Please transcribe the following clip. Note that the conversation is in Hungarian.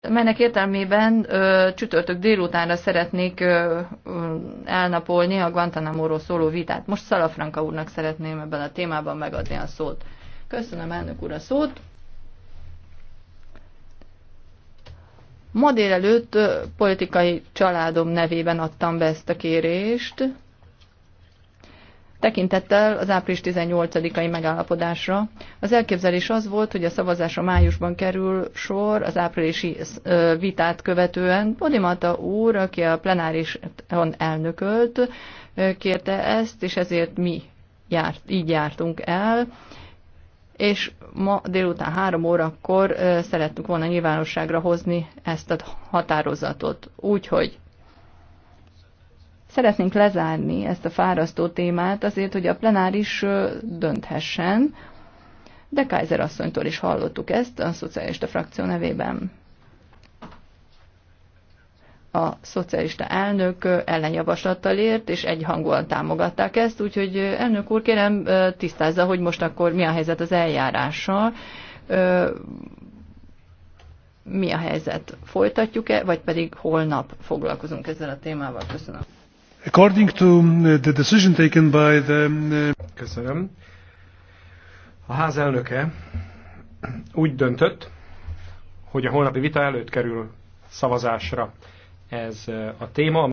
melynek értelmében ö, csütörtök délutánra szeretnék ö, ö, elnapolni a Guantanamo-ról szóló vitát. Most Szalafranka úrnak szeretném ebben a témában megadni a szót. Köszönöm elnök úr a szót. Ma délelőtt politikai családom nevében adtam be ezt a kérést. Tekintettel az április 18-ai megállapodásra az elképzelés az volt, hogy a szavazás a májusban kerül sor az áprilisi vitát követően. Podimata úr, aki a plenárison elnökölt, kérte ezt, és ezért mi járt, így jártunk el és ma délután három órakor szerettük volna nyilvánosságra hozni ezt a határozatot. Úgyhogy Szeretnénk lezárni ezt a fárasztó témát azért, hogy a plenáris dönthessen, de Kaiser asszonytól is hallottuk ezt a szocialista frakció nevében. A szocialista elnök ellenjavaslattal ért, és egyhangúan támogatták ezt, úgyhogy elnök úr, kérem tisztázza, hogy most akkor mi a helyzet az eljárással, mi a helyzet, folytatjuk-e, vagy pedig holnap foglalkozunk ezzel a témával. Köszönöm. According to um, the decision taken by the... Um, Köszönöm. A ház elnöke úgy döntött, hogy a holnapi vita előtt kerül szavazásra ez uh, a téma,